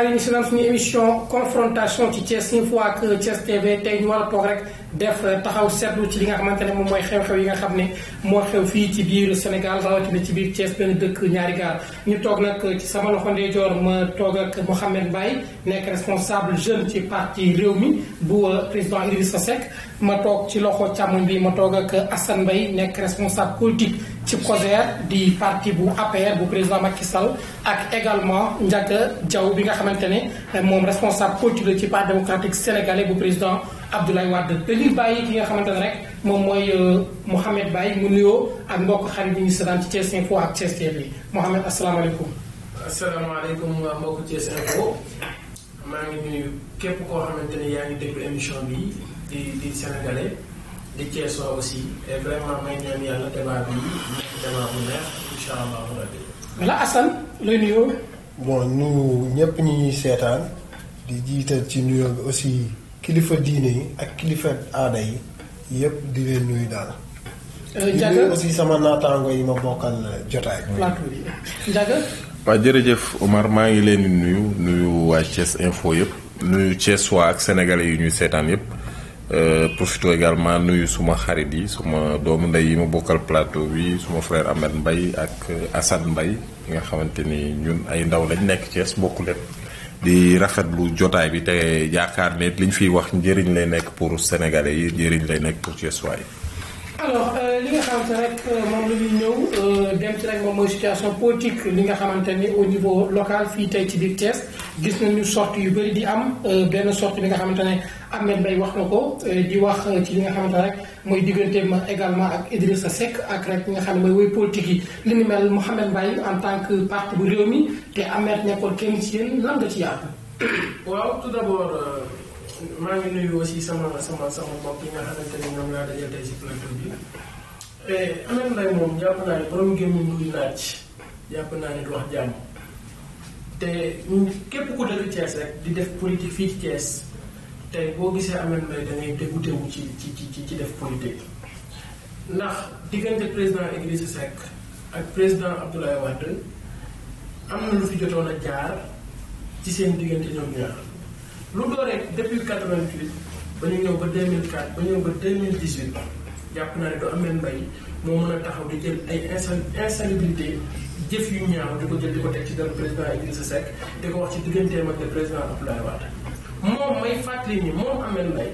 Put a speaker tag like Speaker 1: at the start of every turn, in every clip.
Speaker 1: xarit yi si naan suñu émission confrontation ci Thiès une fois que Thiès TV tey ñu war a toog rek def euh, taxaw seetlu ci li nga xamante ne moom mooy xew-xew yi nga xam ne moo xew fii ci biir Sénégal rawatina ci biir Thiès benn dëkk ñaari gaar ñu toog nag ci sama loxo ndeyjoor ma toog ak Mohamed Mbaye nekk responsable jeune ci parti réew mi bu euh, président Idrissa Seck ma toog ci loxo càmmoñ bi ma toog ak Assane Mbaye nekk responsable politique ci COSER di parti bu APR bu président Macky Sall ak également Ndiaga Diaw bi nga xamante ne moom responsable politique la ci parti démocratique sénégalais bu président Abdoulaye Wade dañuy bàyyi ki nga xamante ne rek moom mooy euh, Mohamed Baye mu nuyoo ak mbokk xarit bi ñu seetaan ci Thiès Info ak Thiès TV Mouhamed asalaamaaleykum. asalaamaaleykum
Speaker 2: mbokk Thiès Info maa ngi nuyu képp koo xamante ne yaa ngi déglu émission bi. di di sénégalais di Thiessois aussi et vraiment may ñaan té ba bi té ba bu neex inshallah mo rabbi.
Speaker 3: wala asan lay nuyo bon ñu ñepp ñi ñuy di jiital ci nuyo aussi kilifa diiné ak kilifa aada yi yépp di leen nuyu daal. Jaga? Euh, aussi sama naataango yi ma bokkal euh, jotaay.
Speaker 4: jërëjëf Omar maa ngi leen di nuyu nuyu waa Thiès info yëpp nuyu Thiès waa ak sénégalais yu ñuy seetaan yëpp. Euh, profito également nuyu suma xarit yi suma doomu ndey yi ma bokkal plateau bi suma frère Ahmed mbay ak euh, Assane mbay yi nga xamante ni ñun ay ndaw lañ nekk Thiès bokku leen di lu jotaay bi te yaakaar ne liñ fiy wax njëriñ lay nekk pour sénégalais yi njëriñ lay nekk pour Thiès waaye.
Speaker 1: alors euh, li nga xamante rek moom la ñuy ñëw dem ci rek moom mooy situation politique li nga xamante ni au niveau local fii tey ci biir Thiès. gis nañu sort yu bëri di am euh, benn sort bi nga xamante ne Ahmed Mbaye wax na ko euh, di wax euh, ci li nga xamante ne rek mooy ma également ak Idrissa Seck ak rek ñi nga xam ne mooy woy politique yi li ni mel en tant que parti bu réew mi te Ahmed nekkoon kenn lan nga ci yaatu.
Speaker 2: waaw tout d'abord sama sama sama mbokk yi nga xamante eh, moom jàpp naa ne borom gémmiñ luy naaj jàpp naa ne du wax jàmm. te képp ku dëkk Thiès di def politique fii ci Thiès tey boo gisee Ameth Mbaye da ngay dégoûté wu ci ci ci ci def politique. ndax diggante président Idrissa Seck ak président Abdoulaye Wade am na lu fi jotoon a jaar ci seen diggante ñoom ñaar lu dooree depuis 88 ba ñu ñëw ba 2004 ba ñëw ba 2018 jàpp naa ne du Ameth Mbaye moo mën a taxaw di jël ay insa insalubrité jëf yu ñaaw di ko jël di ko teg ci dara président Idrissa Seck di ko wax ci digganteem a le président Abdoulaye Wade moom may fàttali ni moom amel lay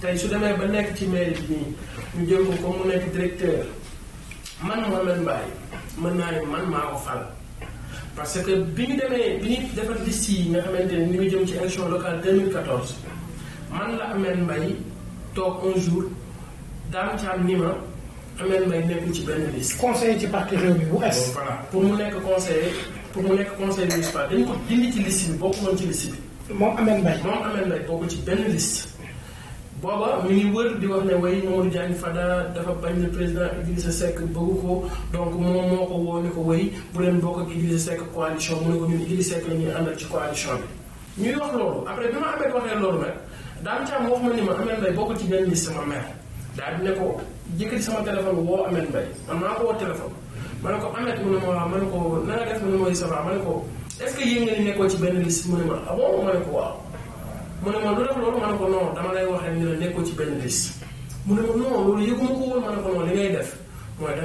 Speaker 2: tey su demee ba nekk ci mairie bi nii ñu jël ko comme mu nekk directeur man Mouhamed Mbaye mën naa ne man maa ko fal parce que bi ñu demee bi ñu defar liste yi nga xamante ne ñu ngi jëm ci élection locale 2014 man la amee Mbaye toog un jour daam ci ni ma Ameth Mbaye nekkul ci benn liste. conseiller ci parti Rewmi bu S. pour mu nekk conseiller pour mu nekk conseiller municipal dañ ko dindi ci liste bi bokk ci liste bi. moom Ameth Mbaye. moom Ameth Mbaye bokk ci ben liste. booba mi ngi wër di wax ne way Mamadou Diagne Fada dafa bañ le président Idrissa Seck bëggu ko donc moom moo ko woo ne ko way bu leen bokk ak Idrissa Seck coalition mu ne ko ñun Idrissa Seck la ñuy àndal ci coalition bi. ñuy wax loolu après bi ma amee waxee loolu nag daanaka wax ma ni ma Ameth Mbaye bokk ci benn liste ma mère daal di ne ko. yëkkati sama téléphone woo Ameth Mbaye man maa ko woo téléphone ma ne ko Ameth mu ne ma waaw ma ne ko na nga def mu ne ko est ce que yéen nga ci benn liste mu ah ko waaw mu ne ma lu def loolu dama lay wax rek ni la nekkoo ci benn liste mu ne ma non loolu ma ne ko non li ngay da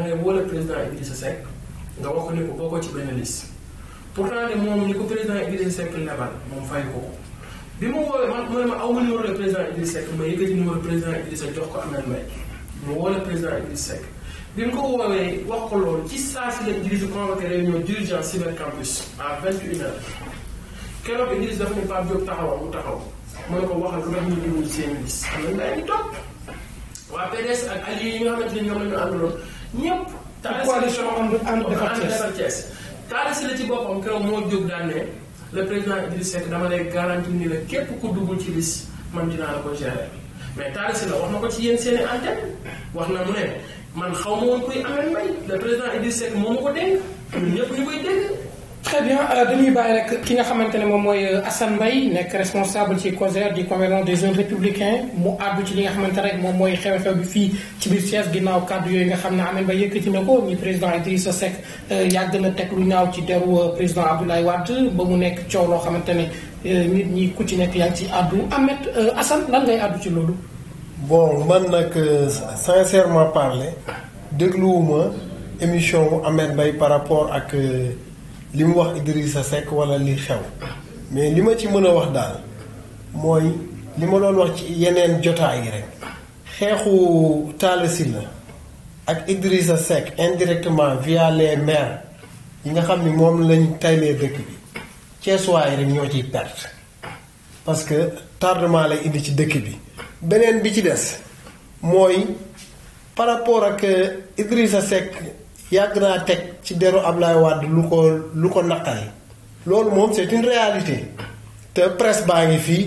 Speaker 2: ngay wóole président Idrissa Seck ko ne ko bokkoo ci benn liste pourtant ne moom ni ko président Idrissa Seck lebal moom fay ko ko man mu ko Ameth Mbaye moo wala président Idriss Seck bi mu ko woowee wax ko loolu ci saa si lañ dirige convoqué réunion dirigeant cyber campus à vingt et une heures keroog dafa ne Pape Diop taxawal mu taxaw mooy ko waxal lu tax ñu dugg ci seen liste xam ngay topp waa PDS ak alliés yi nga xamante na ñoom la ñu àndaloon ñëpp. coalition ànd defar Thiès taal la ci boppam keroog moo jóg daan ne le président Idriss dama lay garantir ni la képp ku dugg ci liste man dinaa la ko gérer. mais Talla Sylla wax na ko ci yéen seen i antenne wax na mu ne man xaw ma woon kuy Ameth Mbaye le président Idrissa Seck moo ma ko dénk ñun ñëpp ñu koy dégg. très bien euh, rek
Speaker 1: ki nga xamante ne moom mooy euh, Assane Mbaye nekk responsable ci COJER di convergence des jeunes républicains mu àddu ci li nga xamante rek moom mooy xew-xew bi fii ci biir Thiès ginnaaw kàddu yooyu nga xam ne Ameth Mbaye yëkkati na ko ñu président Idrissa Seck euh, yàgg na teg lu ñaaw ci deru président Abdoulaye Wade ba mu nekk coow loo xamante ne. Euh, nit ñi ku ci nekk yaa ngi ci àddu Ahmed euh, Assane lan ngay àddu
Speaker 3: ci loolu. bon man nag euh, sincèrement parler dégluwuma émission wu Ahmed Mbaye par rapport ak li mu wax Idrissa Seck wala li xew mais li ma ci mën a wax daal mooy li ma doon wax ci yeneen jotaay yi rek xeexu Talla Sylla ak Idrissa Seck indirectement viale les maires yi nga xam ni moom lañ taylee dëkk bi. ceesuwaay rek ñoo ciy perte parce que tardement lay indi ci dëkk bi beneen bi ci des mooy par rapport ak euh, Idrissa Seck yàgg naa teg ci deru Ablaye Wade lu ko lu ko naqari loolu moom c'est une réalité te presse baa ngi fii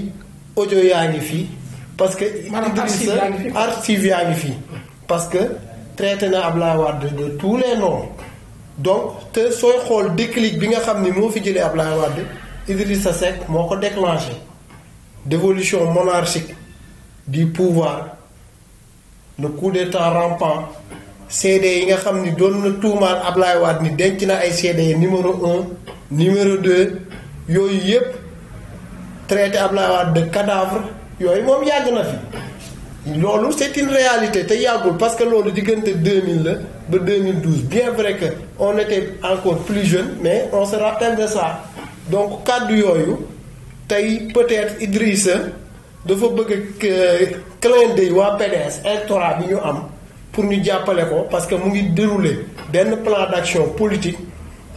Speaker 3: audio yaa ngi fii parce que Idrissa archive yaa ngi fii parce que traité na Ablaye Wade de tous les noms donc te sooy xool déclic bi nga xam ni moo fi jëlee Ablaye Wade sa Seck moo ko déclenché dévolution monarchique du pouvoir le coup d'état rampant CD yi nga xam ni doon na tuumaal Ablaye Wade ni denc na ay CD numéro un numéro deux yooyu yépp traité Ablaye Wade de cadavre yooyu moom yàgg na fi. loolu c'est une réalité te yàggul parce que loolu diggante 2000 la ba 2012 bien vrai que on était encore plus jeune mais on se rappelle de ça donc kàddu yooyu tey peut-être Idrissa dafa bëgg a clin d'œil waa PDS électorat bi ñu am pour ñu jàppale ko parce que mu ngi dérouler benn plan d'action politique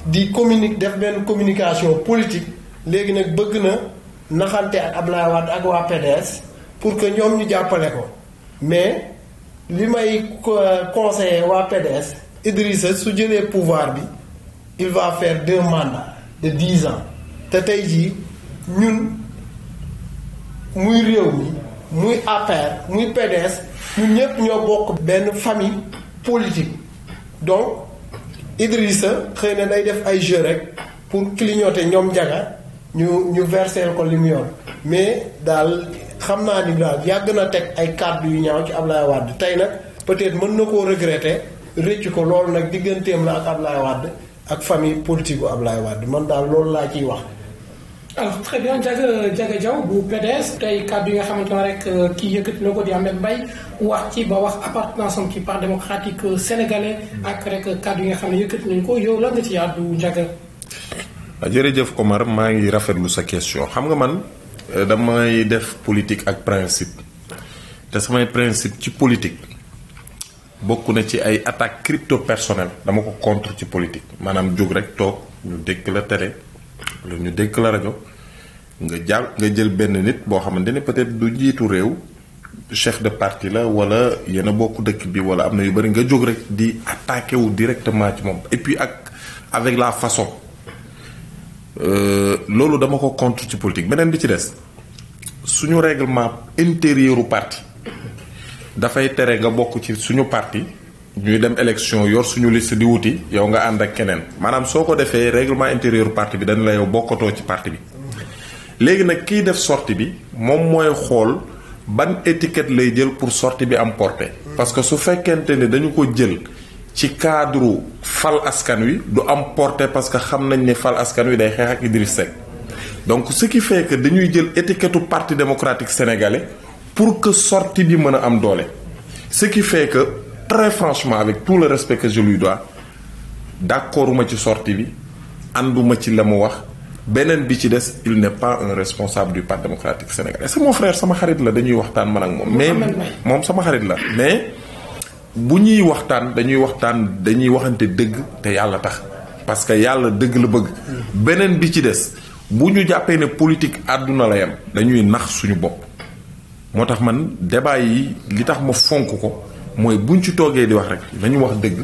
Speaker 3: di communique def benn communication politique léegi nag bëgg na naxante ak Ablaye Wade ak waa PDS pour que ñom ñu jappalé ko mais limay conseiller waa PDS Idrissa su le pouvoir bi il va faire deux mandats de 10 ans te tey jii ñun muy réew mi muy APR muy PDS ñun ñépp ñoo bokk ben famille politique donc Idrissa il na day def ay jeu rek pour clignoter ñom jaga ñu ñu verser ko li mais dal xam naa ni daal yàgg na teg ay kàddu yu ñaaw ci Ablaye Wade tey nag peut-être mën na koo regretté rëcc ko loolu nag digganteem la ak Ablaye Wade ak famille politique bu Ablaye Wade man daal loolu laa ciy wax.
Speaker 1: alors très bien jaga jaga jaw bu PDS tey kàddu yi nga xamante ne rek euh, kii yëkkati na ko di Amed Mbaye wax ci ba wax appartenance am ci parti démocratique euh, sénégalais ak rek kàddu yi nga xam ne yëkkati nañ ko yow lan nga ci yàddu jaga.
Speaker 4: Ah, jërëjëf Omar maa ngi rafetlu sa question xam nga man. Euh, damay def politique ak principe principe ci politique beaucoup na ci attaque crypto personnel dama contre ci politique manam djog rek tok ñu lu ñu nga peut-être chef de parti la wala yena y en bi wala yu nga di wu directement et puis avec la façon Euh, loolu dama ko contre ci politique beneen bi ci des suñu réglement intérieur u parti dafay tere nga bokk ci suñu parti ñuy dem élection yor suñu list di wuti yow nga ànd ak keneen maanaam soo ko defee réglement intérieur parti bi dañ la yow bokkatoo ci parti bi léegi nag kiy def sorti bi moom mooy xool ban étiquette lay jël pour sortie bi am portée parce que su fekkente ne dañu ko jël ci cadre fal askan wi du am porté parce que xam nañ ne fal askan wi day xeex ak Idriss Seck donc ce qui fait que dañuy jël étiquette parti démocratique sénégalais pour que sortie bi mëna am doolé ce qui fait que très franchement avec tout le respect que je lui dois d'accorduma ci sortie bi sortir ci la wax benen bi ci dess il n'est pas un responsable du parti démocratique sénégalais c'est mon frère sama xarit la dañuy waxtaan man ak mom mais mom sama xarit la mais. bu ñuy waxtaan dañuy waxtaan dañuy waxante dëgg te yàlla tax parce que yàlla dëgg la bëgg beneen bi ci des bu ñu jàppee ne politique àdduna la yam dañuy nax suñu bopp moo tax man débat yi li tax ma fonk ko mooy buñ ci toogee di wax rek nañu wax dëgg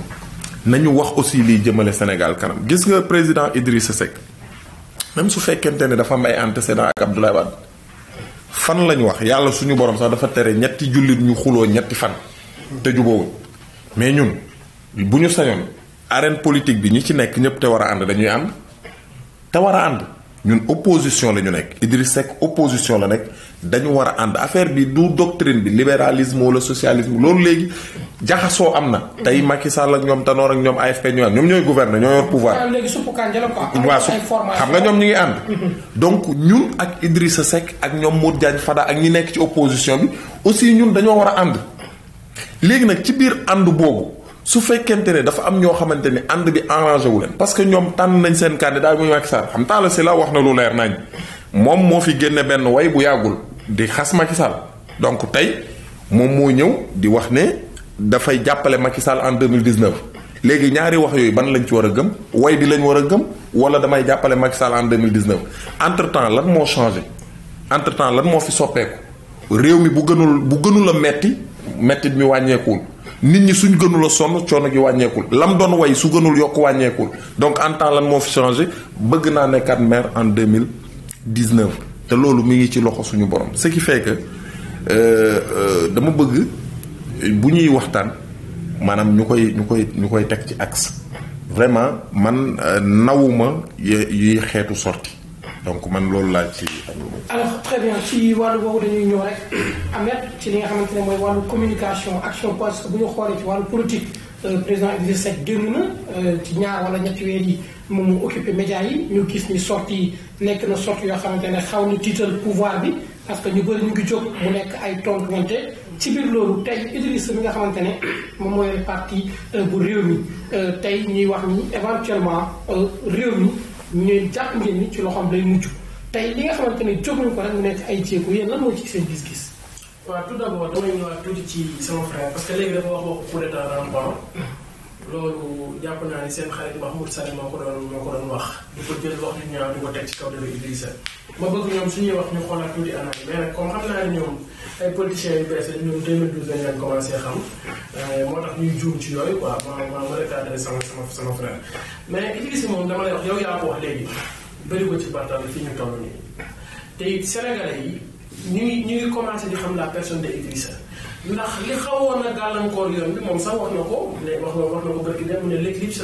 Speaker 4: nañu wax aussi liy jëmale sénégal kanam gis nga président idrissa seck même su fekkente ne dafa am ay antécédent ak abdoulaye wad fan lañ wax yàlla suñu borom sax dafa tere ñetti jullit ñu xuloo ñetti fan te jubóowuñ mais ñun bu ñu sañoon arène politique bi ñi ci nekk ñëpp te war a ànd dañuy ànd te war a ànd ñun opposition la ñu nekk Idriss Seck opposition la nekk dañu war a ànd affaire bi du doctrine bi libéralisme wala socialisme loolu léegi jaxasoo am na. tey Macky Sall ak ñoom Tanor ak ñoom AFP ñu ànd ñoom ñooy gouverner ñoo yor pouvoir.
Speaker 1: waaw xam nga ñoom ñu ngi ànd.
Speaker 4: Mhm. donc ñun ak Idrissa Seck ak ñoom Modou Diagne Fada ak ñi nekk ci opposition bi aussi ñun dañoo war a ànd. léegi nag ci biir ànd boobu su fekkente ne dafa am ñoo xamante ni ànd bi arrangé wu leen. parce que ñoom tànn nañ seen daal muy Macky Sall xam taala si la wax na lu leer nañ moom moo fi génne benn way bu yàggul di xas Macky Sall donc tey moom moo ñëw di wax ne dafay jàppale Macky Sall en 2019 léegi ñaari wax yooyu ban lañ ci war a gëm way bi lañ war a gëm wala damay jàppale Macky Sall en 2019 entre temps lan moo changé entre temps lan moo fi soppeeku réew mi bu gënul bu gënul a metti mettit mi wàññeekuwul nit ñi suñ gënul sonn coono gi wàññeekul lam doon way su gënul yokk wàññeekul donc en temps lan moo fi changé bëgg naa nekkaat maire en deux mille 2019 te loolu mi ngi ci loxo suñu borom ce qui fait que euh, euh, dama bëgg bu ñuy waxtaan maanaam ñu koy ñu koy ñu koy teg ci axe vraiment man euh, nawuma yuy xeetu sorti donc man alors
Speaker 1: très bien ci wàllu boobu rek ci communication action parce que politique euh, président euh, ci ñaar wala ñetti occupé médias yi ñu ni sorti na sorti pouvoir bi parce que ñu bëri ñu ngi jóg mu nekk ay ci biir loolu tey Idrissa mi nga parti euh, bu réew éventuellement ñooy jàpp ngeen ni ci loxoom lay mucc tey li nga xamante ne jóguñu ko rek mu nekk ay jéego yéen lan moo ci seen gis-gis.
Speaker 2: waaw tout d'abord damay ñëwaat tuuti ci sama frère parce que léegi dafa wax waxu coup d'état rampant loolu jàpp naa ne seen xarit Mahmoud Sall moo ko doon moo ko doon wax. du ko jël wax ñu ñaaw di ko teg ci kaw dara Idrissa ba bëgg ñoom suñuy wax ñu xoolaat tuuti anam mais nag comme xam naa ñoom ay politiciens yu bees yi ñoom 2012 lañ leen commencé xam euh, moo tax ñuy juum ci yooyu quoi ma ma ma retardé sama sama sama frère. mais ki ci gis moom dama lay wax yow yaa ko wax léegi bëri ko ci bàttal fi ñu toll nii te it Sénégalais yi ñu ngi ñu ngi commencé di xam la personne de Idrissa ndax li xawoon na gàllankoor yoon bi moom sax wax na ko wax na wax na ko barki dem mu ne l'éclipse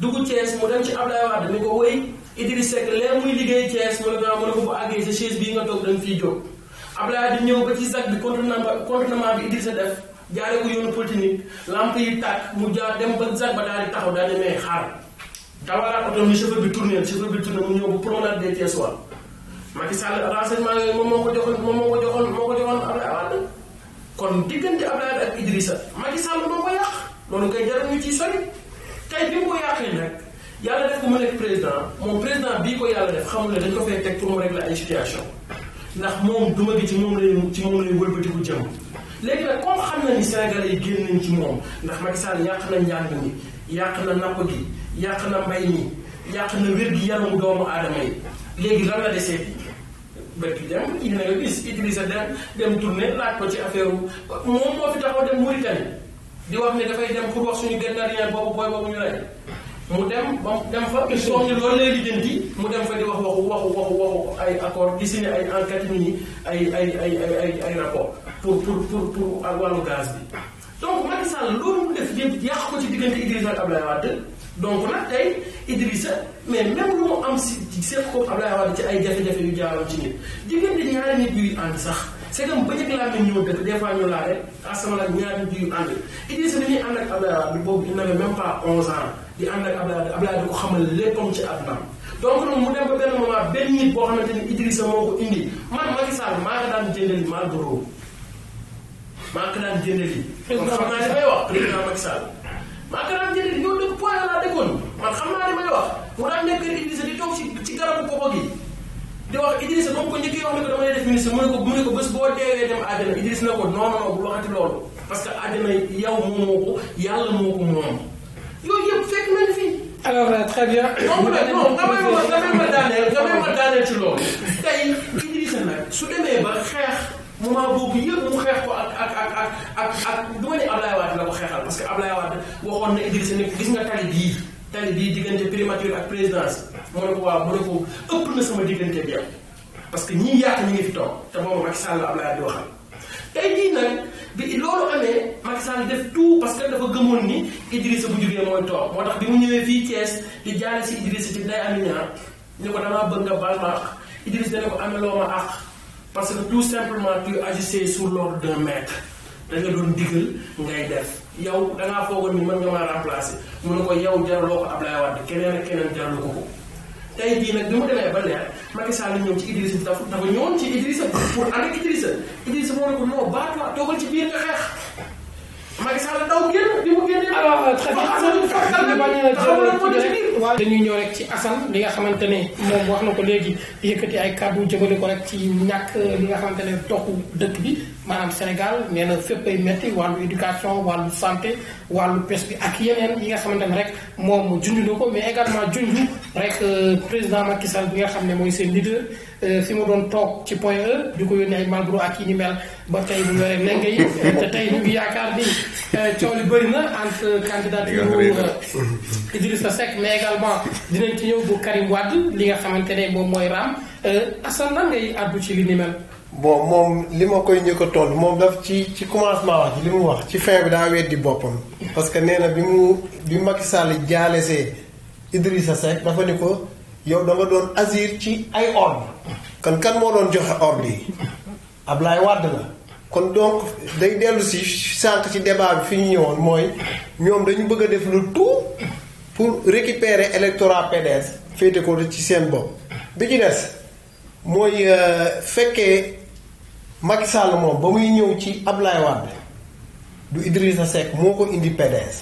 Speaker 2: dugg Thiès mu dem ci Abdoulaye Wade ni ko wéy Idriss Seck leer muy liggéey Thiès mu ne ko mu ne ko bu àggee sa chaise bii nga toog da nga fiy jóg Abdoulaye di ñëw ba ci ZAC bi contournement contournement bi Idrissa def jaaree ko yoonu Polytechnique lamp yi tàkk mu jaar dem ba ZAC ba daal di taxaw daal di may xaar bi chauffeur bi tourné chauffeur moom ko joxoon moom ko joxoon moo ko joxoon kon diggante Abdoulaye ak Idrissa Macky Sall moom ko yàq loolu koy jaral ñu ciy tey bi mu ko yàqee nag yàlla def ko mu nekk président moom président bii ko yàlla def xamul ne dañ ko fay teg pour mu régler ay situation ndax moom duma gi ci moom lay ci moom lay wëlbatiku jëm léegi nag comme xam na ni Sénégalais yi génn nañ ci moom ndax Macky Sall yàq na njàng mi yàq na napp gi yàq na mbay mi na wér gi yaramu doomu aadama yi léegi lan la desee bët bi dem indi na nga gis Idrissa dem laaj ko ci affaire moom moo fi taxaw dem Mauritanie di wax ne dafay dem pour wax suñu gànnaar boobu booy boobu ñu rey mu dem ba dem fa il soog ñu loolu lay lijjanti mu dem fa di wax waxu waxu waxu waxu ay accord di signé ay enquête mini ay ay ay ay ay rapport pour pour pour pour ak wàllu gaz bi donc Macky Sall loolu mu def yëpp yàq ko ci diggante Idrissa ak Abdoulaye Wade donc nag tey Idrissa mais même lu mu am si seet ko Abdoulaye Wade ci ay jafe-jafe yu jaaroon ci nit diggante ñaari nit yuy ànd sax c'est que ba njëkk laa mel ñëw dëkk des fois ñu laale asama la ñaari ji yu ànd Idrissa dañuy ànd ak Abdoulaye bi boobu il n'avait même pas 11 ànd ak Abdoulaye Abdoulaye di ko nag mu dem ba benn moment benn nit ko indi xam naa li may wax président Macky Sall. maa di toog ci garabu kooku gi. di wax Idrissa moom ko njëkkee wax ne ko dama lay ko mu ne ko bés boo deewee dem àddina na ko non non bu waxati loolu parce que àddina yow moomoo ko yàlla moo ko moom yooyu yëpp fekk na ni fii. alors euh, très bien. donc su demee ba xeex moment boobu yëpp mu xeex ko ak ak ak ak ak ak du ne la ko xeexal parce que na Idrissa ne gis nga tali bii. tali di diggante primature ak présidence mu ne ko waaw mu ne ko ëpp na sama diggante bi yow parce que ñii yaata ñi ngi fi toog te boobu Macky Sall Abdoulaye di waxal tey jii nag bi loolu amee Macky Sall def tout parce que dafa gëmoon ni Idrissa bu jógee mooy toog moo tax bi mu ñëwee fii Thiès di jaale si Idrissa ci day Amina ñu ko damaa bëgg nga bal ma àq Idrissa dana ko ameloo ma àq parce que tout simplement tu agissais sur l'ordre d'un maître da nga doon digal ngay def. yow da ngaa foogoon ni mën nga maa remplacer mu ne ko yow jaraloo ko Ablaye Wade keneen ak keneen jaraloo ko ko. tey jii nag bi mu ba leer Macky Sall ñëw ci Idrissa dafa dafa ñëwoon ci Idrissa pour ànd ak Idrissa Idrissa moo ne ko non baatuwaat toogal ci biir nga xeex Macky Sall daw génn bi mu génnee. alors euh, très bien
Speaker 1: dañuy ñëw rek ci Assane li nga xamante ne moom wax na ko léegi yëkkati ay kàddu jëmale ko rek ci ñàkk li nga xamante ne toxu dëkk bi. maanaam Sénégal nee na fépp ay métti wàllu éducation wàllu santé wàllu pes bi ak yeneen yi nga xamante ne rek moom junj na ko mais également junj rek euh, président Macky Sall bi nga xam ne mooy seen leader euh, fi mu doon toog ci point E di ko yónnee ba tey bu yore lenge yi tey yaakaar ni euh, bëri na entre candidature Idrissa Seck mais également dinañ ci ñëw bu Karim Wade li nga xamante ne moom mooy
Speaker 3: raam Assane lan ngay àddu ci li bon moom li ma koy njëkk a tontu moom daf ci ci commencement wax li mu wax ci fin bi daa weddi boppam. parce que nee na bi mu bi Macky Sall jaalesee Idrissa Seck dafa ni ko yow da doon asir ci ay ordre kon kan moo doon joxe ordre yi Ablaye Wade la kon donc day dellu si sànq ci débat bi fi ñu ñëwoon mooy ñoom dañu bëgg a def lu tout pour récupérer électorat PDS féete ko ci seen bopp bi ci des mooy euh, fekkee. Macky Sall moom ba muy ñëw ci Ablaye Wade du Idrissa Seck moo ko indi PDS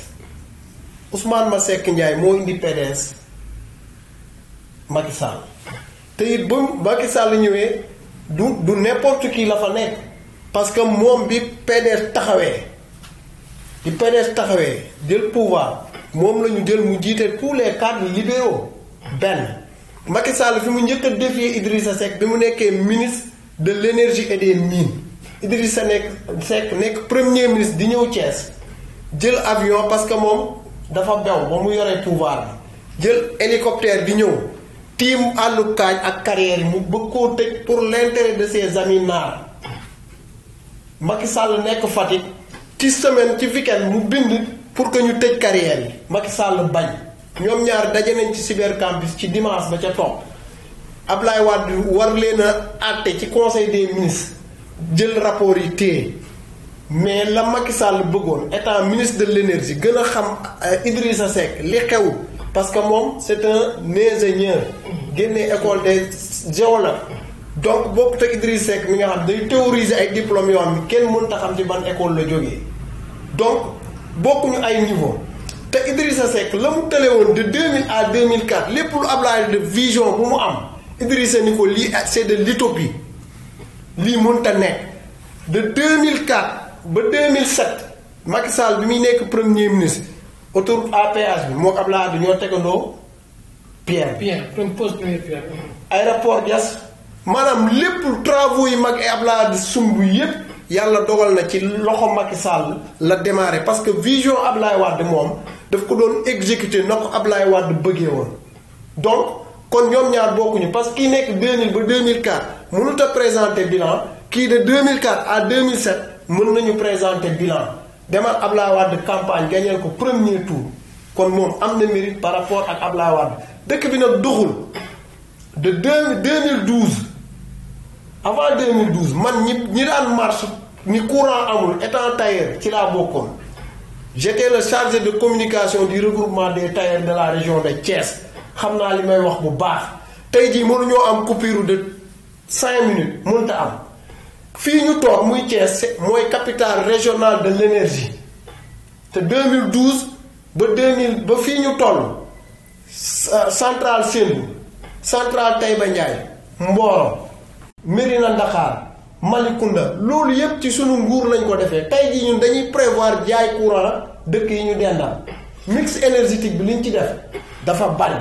Speaker 3: Ousmane Masseck Ndiaye moo indi PDS Macky Sall te it ba ñëwee du du n'importe kii la fa nekk parce que moom bi PDS taxawee di PDS taxawee jël pouvoir moom lañu jël mu jiite tous les cadres libéraux benn Macky fi mu njëkk a défier sa Seck bi mu nekkee ministre de l'énergie et des mines Idrissa Seck nekk premier ministre di ñëw Thiès jël avion parce que moom dafa bew ba mu yore pouvoir jël hélicoptère di ñëw tiim àllu kaaj ak carrière yi mu bëgg koo tëj pour l'intérêt de ses amis naar Macky Sall nekk Fatick ci semaine ci weekend mu bind pour que ñu tëj carrière yi Macky Sall bañ ñoom ñaar daje nañ ci cybercampus ci dimance ba ca topp Ablaye Wade war leena a ci conseil des ministres jël rapport yi té mais la Macky Sall bëggoon étant ministre de l'énergie gëna a xam euh, Idrissa Seck li xew parce que mom c'est un ingénieur génné école des géologues donc bokk te Idrissa Seck mi nga xam day théoriser ay diplôme yoo xam kenn ta xam ci ban école la jógee donc ñu ay niveau te Idrissa Seck la mu tële de 2000 à 2004 lepp lu Ablaye de vision bu mu am. Idrissa ni c'est de l'utopie Li montagne. de 2004 à 2007 Macky Sall bi muy nekk premier ministre autour APH bi moo ko Abdoulaye Wade ñoo tegandoo pierre.
Speaker 1: pierre poste premier pierre.
Speaker 3: aéroport Madame, les pour travaux yi mag ay Abdoulaye Wade sumb yépp yàlla dogal na ci loxo Macky Sall la démarré parce que vision Abdoulaye Wade moom daf ko exécuter na ko Abdoulaye Wade bëggee woon donc kon ñaar parce que nek 2000 ba 2004 on a présenter bilan Qui de 2004 à 2007 mën nañu le bilan demal Ablaye Wade campagne gagné le premier tour kon mom am na mérite par rapport ak que wad bi nak de 2012 avant 2012 man ñi ñi marche ni courant amul étant tailleur j'étais le chargé de communication du regroupement des tailleurs de la région de Thiès. xam naa li may wax bu baax tey jii mënuñoo am coupure de cinq minutes mënta am fii ñu toog muy Thiès mooy capitale régionale de l'énergie te 2012 ba 2000 ba fii ñu toll centrale Sendou centrale Taïba Ndiaye Mboro Mérina Ndakhar Malicounda loolu yépp ci sunu nguur lañ ko defee tey jii ñun dañuy prévoir jaay courant dëkk yi ñu dendal mix énergétique bi liñ ci def dafa bari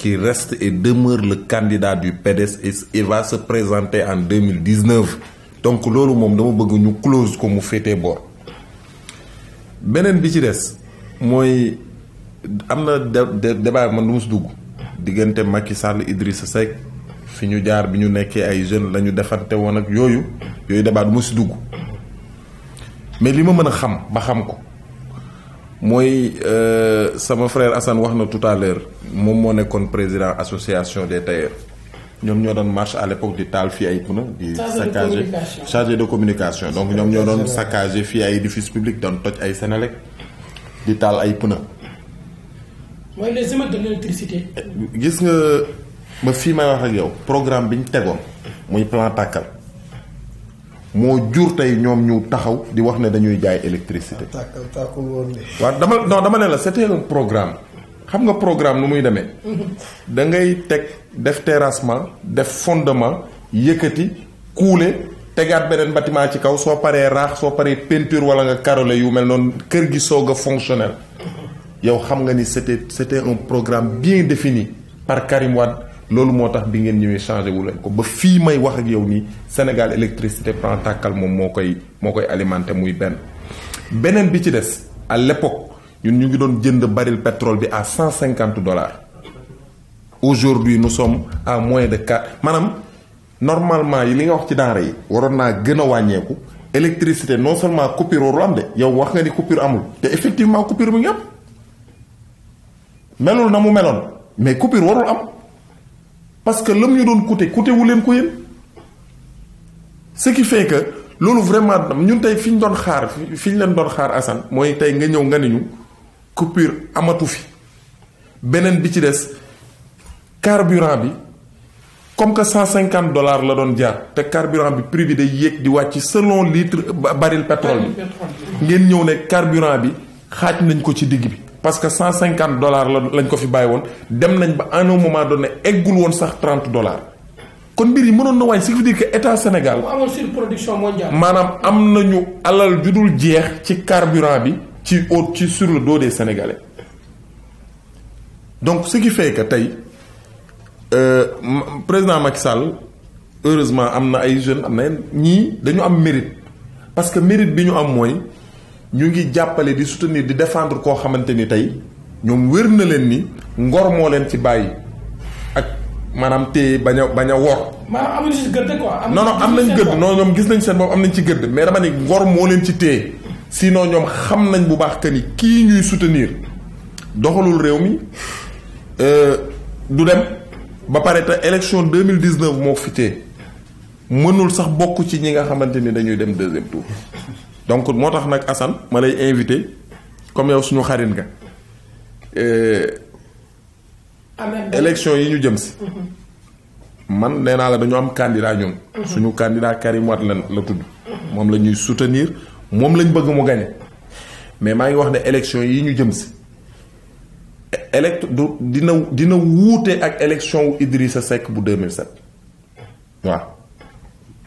Speaker 4: qui reste et demeure le candidat du PDS et va se présenter en 2019 donc loolu moom dama bëgg ñu close comme mu féetee Benen beneen bi ci moi d'abord am débat man du mu si Macky Sall Idrissa Seck fi ñu jaar bi ñu nekkee ay jeunes defante woon ak Yoyu débat de mu mais li ma mën a xam ba mooy sama euh, frère Assane waxna tout à l'heure mon est nekkoon président association des tailleurs ñom ñoo doon marche à l'époque du tal fi ay pneu chargé de communication donc nous ñoo saccagé saccager fi ay édifice public doon toj ay Senelec di tal ay pneu
Speaker 1: moy les immeubles de l'électricité eh,
Speaker 4: gis nga ma fi may wax ak yow programme biñ ñu un muy plan tàkkal moo jur tey ñoom ñu taxaw di wax ne dañuy jaay électricité. waaw dama non dama ne la c'était un programme xam nga programme nu muy demee. da ngay teg def terrassement def fondement yëkkati kuule tegaat beneen bâtiment ci kaw soo paree raax soo paree peinture wala nga carrelé yu mel noonu kër gi soog a fonctionnel. yow xam nga ni c'était c'était un programme bien défini par Karim waa loolu moo tax bi ngeen ñëwee changé wu leen ko ba fii may wax ak yow nii Sénégal électricité prend tàkkal moom moo koy moo koy alimenté muy benn. beneen bi ci des à l'époque ñun ñu ngi doon jënd baril pétrole bi à 150 dollars aujourd'hui nous sommes à moins de quatre maanaam normalement yi li nga wax ci daara yi waroon naa gën a wàññeeku électricité non seulement coupure warul am de yow wax nga ni coupure amul te effectivement coupure mu ngi am melul na mu meloon mais coupure warul am parce que l'homme ñu doon côté, côté wu leen ko yéen ce qui fait que lolu vraiment ñun tay fiñ ñu doon xaar fiñ ñu leen doon xaar Assane mooy tay nga ñëw nga ni ñu coupure amatu fi beneen bi ci des carburant bi comme que 150 dollars la doon jaar te carburant bi prix bi day yéeg di wàcc selon litre baril pétrole bi ngeen ñëw ne carburant bi xaaj nañ ko ci digg bi parce que 150 dollars lañ ko fi dem nañ ba à un moment donné eggul won sax 30 dollars kon mbir yi na ce qui veut dire que état Sénégal.
Speaker 1: sur production mondiale. manam
Speaker 4: am nañu alal judul jeex ci carburant bi ci ci sur le dos des Sénégalais donc ce qui fait que tay euh, président Macky Sall heureusement y a ay jeunes amna ñi un mérite parce que mérite bi ñu am ñu ngi jàppale di soutenir di défendre koo xamante ni tey ñoom wér na leen ni ngor moo leen ci bàyyi ak maanaam téye bañ a bañ a wor.
Speaker 2: maanaam amuñu ci gëdd quoi. non non am nañ gëdd non
Speaker 4: ñoom gis nañ seen bopp am nañ ci gëdd mais dama ni ngor moo leen ci téye sinon ñoom xam nañ bu baax que ni kii ñuy soutenir doxalul réew mi euh, du dem ba pare te élection 2019 moo fi mënul sax bokk ci ñi nga xamante ni dañuy dem deuxième tour donc moo tax nag Assane ma lay invité comme yow suñu xarin nga. Ah, euh, élection yi ñu jëm si. Mhm. man nee naa la dañu am candidat ñoom. Mhm. suñu candidat Karim wat lan la tudd. Mhm. moom la ñuy soutenir moom lañ bëgg mu gañe mais maa ngi wax ne élection yi ñu jëm si. élect du dina dina wuute ak élection Idrissa Seck bu 2007 waaw.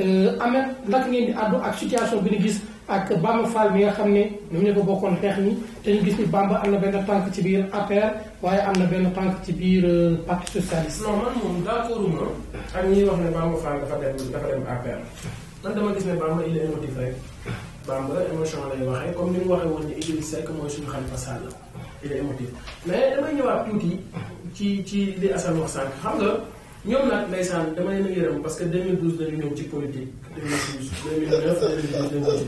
Speaker 1: Euh, Ameth naka ngeen di àddu ak situation bi ñu gis ak Bamba Fall bi nga xam ne ñoom ñoo ko bokkoon xeex ñi te ñu gis ni Bamba am na benn tànk ci biir APR waaye am na benn tànk ci biir euh, parti socialiste. non man moom d'accord ma
Speaker 2: ak ñi wax ne Bamba Fall dafa dem dafa dem APR man dama gis ne Bamba il est émotif rek Bamba émotion lay waxee comme ni mu waxee woon ne Idriss Seck mooy suñu Khalifa Sall il est émotif mais damay ñëwaat tuuti ci ci li Assane wax sànq xam nga. ñoom nag ndeysaan dama leen yërëm parce que 2012 la ñu ñëw ci politique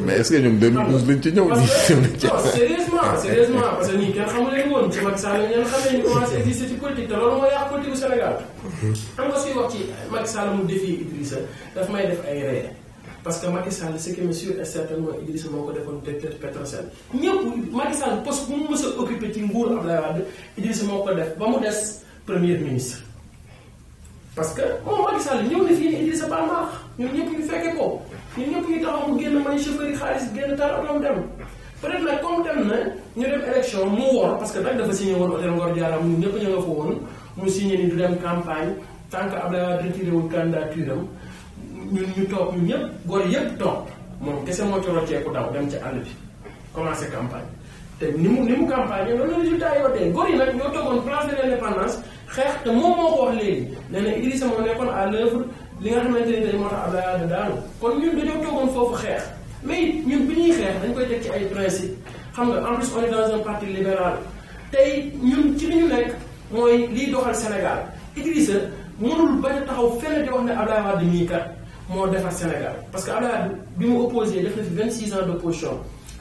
Speaker 2: mais est ce que ñoom 2012 lañ ci ñëw non sérieusement sérieusement parce que ñii kenn xamu leen woon ci Macky Sall ñeen xam nañu commencé exister ci politique te loolu moo yàq politique Sénégal xam nga suy wax ci Macky Sall mu défi Idrissa daf may def ay ree parce que Macky Sall ce qui me est certainement Idrissa moo ko defoon directeur Petrosen ñëpp Macky Sall poste bu mu mës a occupé ci nguur Abdoulaye Wade Idrissa moo ko def ba mu des premier ministre parce que moom Macky Sall ñëw na fii ne Idrissa Ba maax ñun ñëpp ñu fekke ko ñun ñëpp ñu taxaw mu génn may chauffeur yi xaalis génn taal otoom dem peut-être nag comme dem na ñu dem élection mu wor parce que nag dafa signé woon hôtel Ngor Diaram ñun ñëpp ñu nga fa woon mu signé ni du dem campagne tant que Abdoulaye Wade retiré wul candidature am ñun ñu toog ñun ñëpp góor yëpp toog moom kese moo ci rocceeku daw dem ci àll bi commencé campagne te ni mu ni mu campagne loolu résultat yi watee góor yi nag ñoo toogoon place de l'indépendance xeex te moom moo ko wax léegi nee na Idrissa moo nekkoon à l'œuvre li nga xamante ne tey moo tax Abdoulaye Wade daanu kon ñun dañoo toogoon foofu xeex mais ñun bi ñuy xeex dañ koy teg ci ay principe xam nga en plus on est dans un parti libéral tey ñun ci li ñu nekk mooy liy doxal Sénégal Idrissa mënul bañ a taxaw fenn di wax ne Abdoulaye Wade mii kat moo defar Sénégal parce que Abdoulaye Wade bi mu opposé def na fi 26 ans d'opposition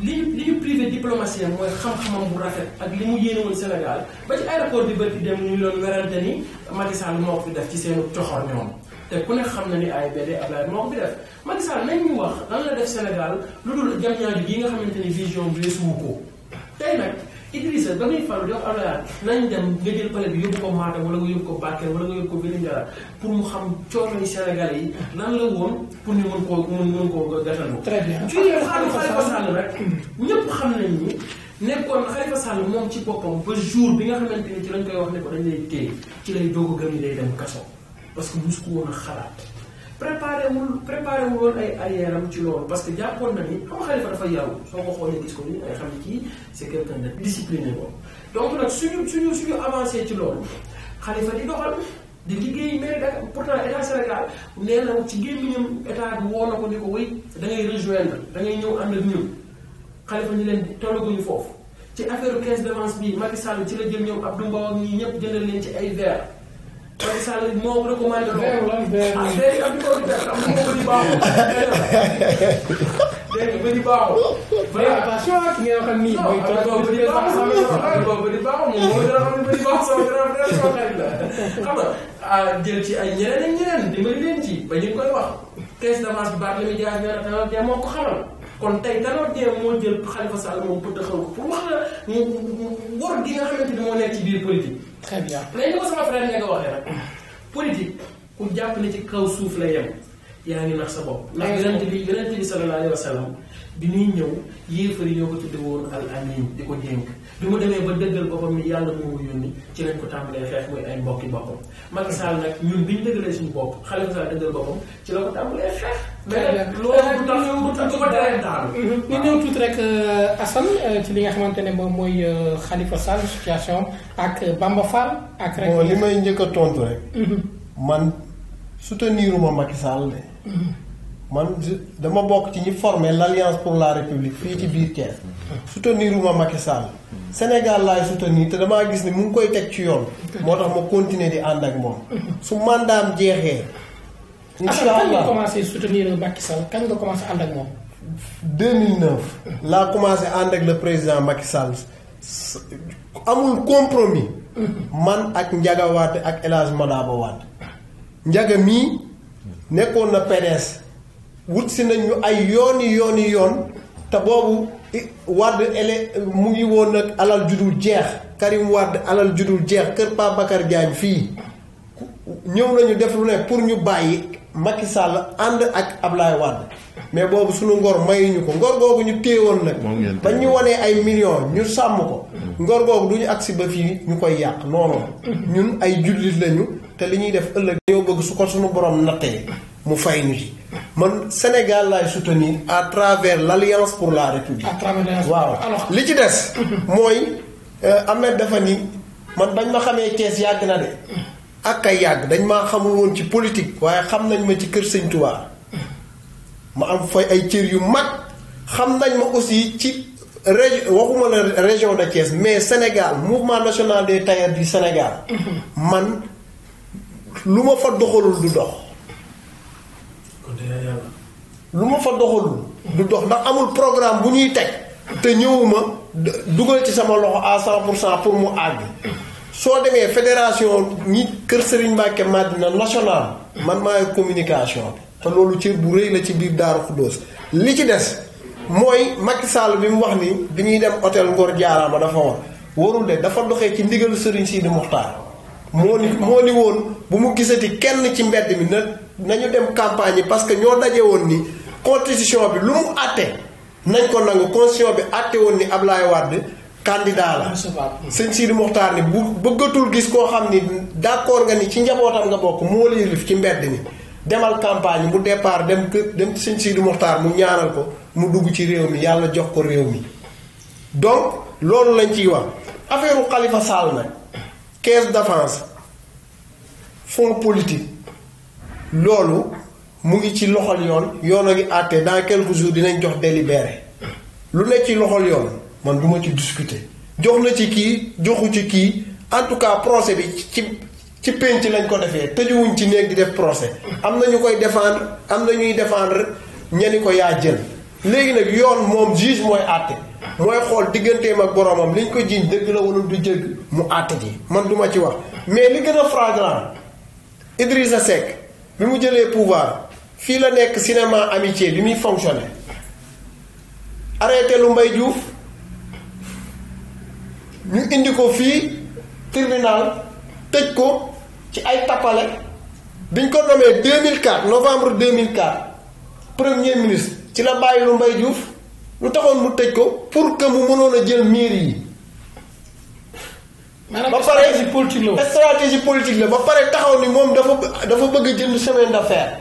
Speaker 2: li li ñu privé diplomatien mooy xam-xamam bu rafet ak li mu yéene woon Sénégal ba ci aéroport bi bërki dem ñu loon werante ni Macky Sall moo ko fi def ci seenu coxor ñoom te ku ne xam na ni AIBD Abdoulaye moo ko fi def Macky Sall nañ ñu wax lan la def Sénégal lu dul jamñaaju gi nga xamante ni vision bi weesuwu ko tey nag Idrissa ba ngay faral di wax Abdoulaye nañ dem nga jël palais bi yóbbu ko Matam wala nga yóbbu ko Bakel wala nga yóbbu ko Vélingara pour mu xam coono Sénégal yi nan la woon pour ñu mën koo mën mën koo gàttal ko. très bien Khalifa Sall rek ñëpp xam ne ni nekkoon Khalifa Sall moom ci boppam ba jour bi nga xamante ni ci lañ koy wax ne ko dañ lay téye ci lay doog a gëm day dem kaso parce que musu ko woon a xalaat. préparé wul préparé wul woon ay arrièram ci loolu parce que jàppoon na ni xam Xalifa dafa yaru soo ko xoolee gis ko ni ay xam ne kii c' su quelqu'un de suñu avancé ci loolu Xalifa di doxal di liggéey mairie Dakar pourtant état Sénégal nee na ci gémmiñam état bi woo na ko ni ko wéy da ngay rejoindre da ngay ñëw ànd ak ñun Xalifa ñu leen tollaguñu foofu ci affaire caisse d'avance bi Macky Sall ci la jël ñoom Abdou Mbow ak ñii ñëpp jëndal leen ci ay verre Macky Sall moo recommandé ah léegi am ko def am na ko di baaxoo léegi ba di baaxoo voilà attention ki ngeen xam ni mooy toog boobu di baax sama yoon boobu di baax di baax sama dara dara sama xarit la xam nga ah jël ci ay ñeneen ak ñeneen dimbali leen ci ba ñu koy wax caisse d'avance bi baat li muy kon tey tanal dee moo jël Khalifa Sall moom pour dëxal ko pour wax la mu gi nga xamante ni nekk ci biir politique très bien léegi ni ko sama frère nga ko waxee rek. politique ku jàpp ne ci kaw suuf la yem yaa ngi nax sa bopp. ndax yonent bi yonent bi sallallahu alayhi wa sallam bi ñuy ñëw yéefar yi ñoo ko tudde woon al di ko dénk. bi mu demee ba dëggal boppam ni yàlla moomu yónni ci lañ ko tàmbalee xeex muy ay mbokki boppam Macky nag ñun bi ñu dëggalee suñu bopp Khalifa Sall dëggal boppam ci la ko tàmbalee xeex mais euh,
Speaker 1: euh, euh, ci li nga xamante ne moom mooy Khalifa Sall situation ak Bamba Fall
Speaker 3: ak rek bon li may njëkk a tontu rek mhm. man souteniruma Macky Sall de mhm. man dama bokk ci ñi formé l'alliance pour la république fii ci biir Thiès souteniruma Macky Sall Sénégal laay soutenir te damaa gis ni mu ngi koy teg ci yoon moo tax ma continuer di ànd ak moom su mandaam jeexee incha allah kan commencé soutenir Macky Sall kan nga commencé ànd ak moom 2009 laa commencé ànd ak le président Macky Sall amul compromis man ak Ndiaga ak élage Hadj Madaba Wade Ndiaga nekkoon na PDS wut si ñu ay yoon yooni yoon te boobu Wade ele mu ngi woon nag alal ju judul jeex Karim wàdd alal judul jeex kër Pa Bakar Diagne fii ñëw nañu def lu ne pour ñu bàyyi Macky Sall ànd ak ab Ablaye Wade mais boobu suñu ngor mayuñu ko ngor googu ñu téye woon nag ba ñu wanee ay million ñu sàmm ko ngor googu du ñu agsi ba fii ñu koy yàq noonu ñun ay jullit lañu te li ñuy def ëllëg ñoo bëgg su ko suñu borom nattee mu fay ñu man Sénégal laay soutenir à travers l' alliance pour la république. waaw li ci des. mooy euh, Ahmed dafa ni man bañ ma xamee Thiès yàgg na de. ak ay yàgg dañ maa xamul woon ci politique. waaye xam nañ ma ci kër Sëñ Tuubaa ma am fay ay cër yu mag xam nañ ma aussi ci région waxuma la région de Thiès mais Sénégal mouvement national des tailleurs du Sénégal. Mhm. man lu ma fa doxalul du dox. lu ma fa doxalul. du dox ndax amul programme bu ñuy teg. te ñëwuma dugal ci sama loxo à 100 pour cent pour mu àgg. soo demee fédération ñi Kër Serigne Mbacke Madina nationale. man maay communication bi. te loolu ci bu rëy la ci biir Daaru Xuddoos li ci des. mooy Macky Sall bi mu wax ni bi ñuy dem hôtel Ngor Jaaraama dafa war warul de dafa doxee ci ndigal Serigne Sidi Muxtaar moo ni moo ni woon bu mu gisati kenn ci mbedd mi na nañu dem campagne yi parce que ñoo dajee woon ni constitution bi lu mu àtte nañ ko nangu constitution bi àtte woon ni Ablaye Wade candidat la sëñ Sidi Mokhtar ni bu bëggatul gis koo xam ni d'accord nga ni ci njabootam nga bokk moo la ci mbedd mi demal campagne mu départ dem dem ci sëñ Sidi mu ñaanal ko mu dugg ci réew mi yàlla jox ko réew mi donc loolu lañ ciy wax affaire xalifa Khalifa Sall nag caisse d'avance fonds politique loolu mu ngi ci loxol yoon yoon a ngi àtte dans quelques jours dinañ jox délibéré lu nekk ci loxol yoon man duma ci discuter jox na ci kii joxu ci kii en tout cas procès bi ci ci penc lañ ko defee tëjuwuñ ci néeg di def procès am na ñu koy défendre am na ñuy défendre ñeni ko yaa jël léegi nag yoon moom juge mooy àtte mooy xool digganteem ak boromam liñ ko jiiñ dëgg la wala du dëgg mu àtte ji man duma ci wax mais li gën a flagrant Idrissa Seck bi mu jëlee pouvoir fii la nekk cinéma amitié bi muy fonctionné arrêté lu Mbaye ñu indi ko fii tribunal tëj ko ci ay tappale biñ ko nommé 2004 novembre 2004 premier ministre ci la bàyyi lu Mbay Juuf lu taxoon mu tëj ko pour que mu mënoon a jël miir yi. maanaam ba pare stratégie politique la stratégie politique la ba pare taxaw ni moom dafa dafa bëgg a semaine chemin d'affaires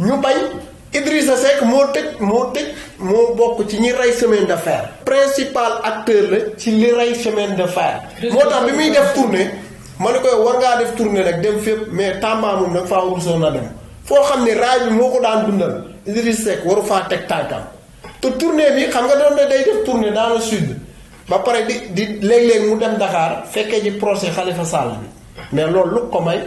Speaker 3: ñu bañ. Idrissa Seck moo tëj moo tëj moo bokk ci ñi rey chemin de fer. principal acteur la ci li rey chemin de fer. moo tax bi muy def tournée ma ne koy war ngaa def tournée rek dem fépp mais Tamba moom nag faa ruusoo na dem foo xam ne raay bi moo ko daan dundal Idriss Seck waru faa teg tànkam te tournée bi xam nga doon na day def tournée dans le sud ba pare di di léeg-léeg mu dem Dakar fekkee ji projet Khalifa Sall bi mais loolu lu ko may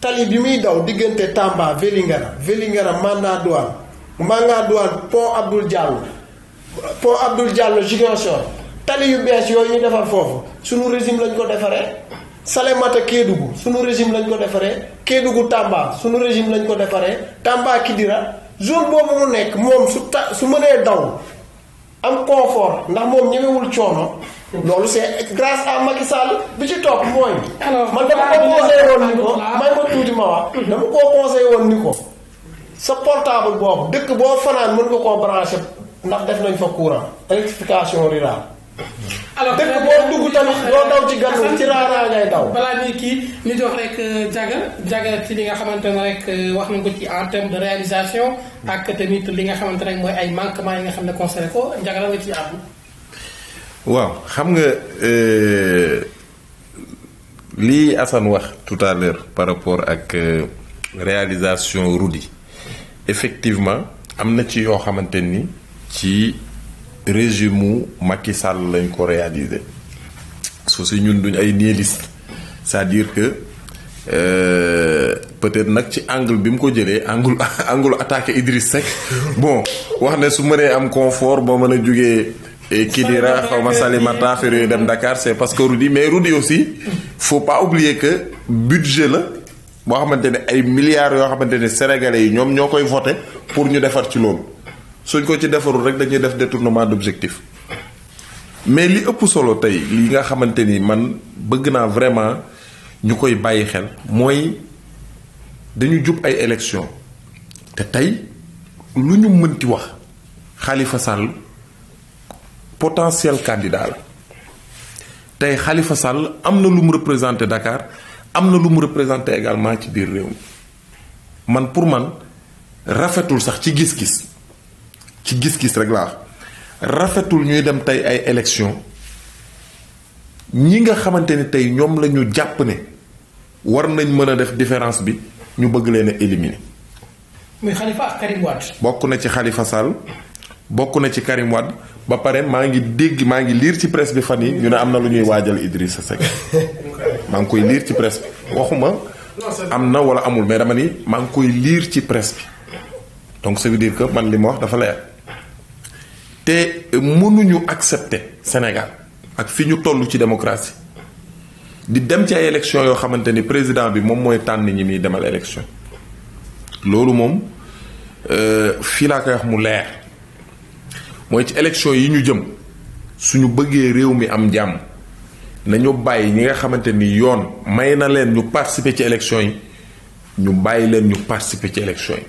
Speaker 3: tali bi muy daw diggante Tamba Vélingara Vélingara Manda Douane Manda Douane Pont Abdoul Diallo Pont Abdoul Diallo Ziguinchor tali yu bees yooyu ñu defar foofu sunu régime lañ ko defaree Salémata Kédougou sunu régime lañ ko defaree Kédougou Tamba sunu régime lañ ko defaree Tamba Kidira jour boobu mu nekk moom su ta su mënee daw am confort ndax moom ñemewul coono. loolu c'est grâce à Macky Sall bi ci toog mooy. man dama ko conseillé woon ni ko may ma tuuti ma wax. dama koo conseillé woon ni ko sa portable boobu dëkk boo fanaan mën nga koo branché ndax def nañ fa courant électrification rurale. dëkk boo dugg tamit doo daw ci gànnaaw ci raaraa ngay daw.
Speaker 1: balaa ñuy kii ñu jox rek jaga euh, jaga ci li nga xamante ne rek euh, wax nañ ko ci en terme de réalisation. ak tamit li nga xamante ne mooy ay manquements yi nga xam ne concerné ko jaga la
Speaker 3: nga ciy àddu.
Speaker 4: waaw xam nga euh, li Assane wax tout à l'heure par rapport ak réalisation route yi effectivement am na ci yoo xamante ni ci. régime Makissal Macky Sall lañ ko c'est-à-dire que euh, peut-être que l'angle angle angle angle Idriss bon wax né su un confort bo a et eh, Kidira ma Dakar c'est parce que Rudy mais Rudy aussi faut pas oublier que budget la milliards yo sénégalais voté pour ñu ci suñ ko ci defarul rek dañuy def détournement d'objectif mais li ëpp solo tey li nga xamante ni man bëgg naa vraiment ñu koy bàyyi xel mooy dañu jub ay élection te tey lu ñu mënti wax Khalifa Sall potentiel candidat la tey Khalifa Sall am na lu mu représenté Dakar am na lu mu représenté egalement ci biir réew mi man pour man rafetul sax ci gis-gis ci gis-gis rek laa rafetul ñuy dem tey ay élection ñi nga xamante ni tey ñoom lañu jàpp ne war nañ mën a def différence bi ñu bëgg leen a éliminer.
Speaker 1: muy Khalifa ak
Speaker 4: bokk na ci xalifa Sall bokk na ci Karim Wade ba pare maa ngi dégg maa ngi liir ci presse bi fan yi ñu ne am na lu ñuy waajal sa Seck maa ngi koy liir ci presse bi waxuma am na wala amul mais dama ni maa ngi koy liir ci presse bi donc ça veut dire que man li ma wax dafa leer. te mënuñu accepter Sénégal ak fi ñu toll ci démocratie di dem ci ay élection yoo xamante ni président bi moom mooy tànn ñi muy demal élection loolu moom euh, fii laa koy wax mu leer mooy ci élection yi ñu jëm suñu bëggee réew mi am jàmm nañu bàyyi ñi nga xamante ni yoon may na leen ñu participer ci élection yi ñu bàyyi leen ñu participer ci élection yi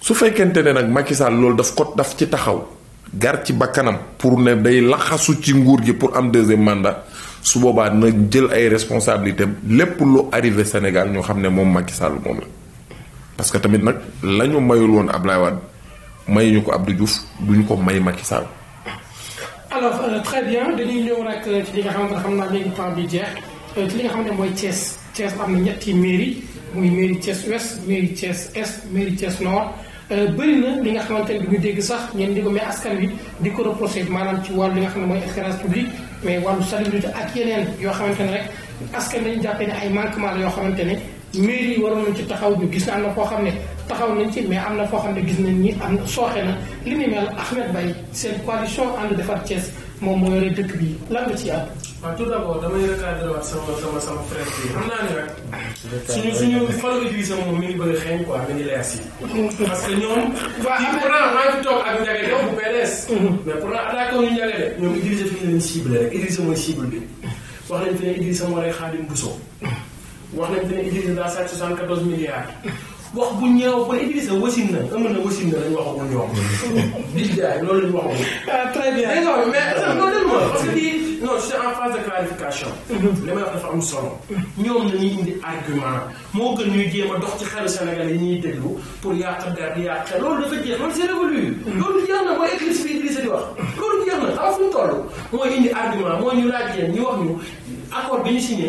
Speaker 4: su fekkente ne nag Macky Sall loolu daf ko daf ci taxaw gar ci bakkanam pour ne day laxasu ci nguur gi pour am deuxième mandat su boobaa na jël ay responsabilité lépp lu arrivé Sénégal ñoo xam ne moom Macky Sall moom la parce que tamit nag lañu mayul woon ab Wade may ñu ko ab du du ñu ko may Macky Sall.
Speaker 1: alors euh, très bien dañuy ñëw nag naa euh, ci li nga xam euh, ne mooy Thiès Thiès am na ñetti mairie muy mairie Thiès ouest mairie Thiès est mairie Thiès nord. Euh, bëri na li nga xamante ne du ñu dégg sax ñenn di ko mais askan wi di ko reproché maanaam ci wàllu li nga xam ne mooy éclairage public mais wàllu salubrité ak yeneen yoo xamante ne rek askan dañu jàppee ne ay manquement la yoo xamante ne mairie yi waroon nañ ci taxaw ñu gis na am na foo xam ne taxaw nañ ci mais am na foo xam ne gis nañ ni am na sooxe na li ni mel Ahmed Baye seen coalition ànd defar Thiès moom moo yore dëkk bii
Speaker 2: lan nga ci àpp waaw tout d'abord damay recadré waat sama sama sama frère bi xam naa ne rek. suñu suñu favoritisme moom mi bëgg a xeeñ quoi mi ngi lay assis. parce que ñoom. waaw am na maa ngi toog ak Ndiaga de bu PDS. mais pourtant de. ñoom Idrissa fi ñu leen ciblé mooy cible bi wax nañ fi ne moo rey Khadim Bousso wax nañ fi ne Idrissa daa sàcc 74 wax bu ñëw bu Idrissa wasin na ëmb na wasin na lañ Vous ñoom. loolu lañ ah, très bien mais non parce que non je suis de clarification. li may wax dafa am solo. ñoom indi argument gën dox ci pour loolu dafa c'est révolu. loolu jeex na mooy bi Idrissa di wax. na indi argument ñu wax ñu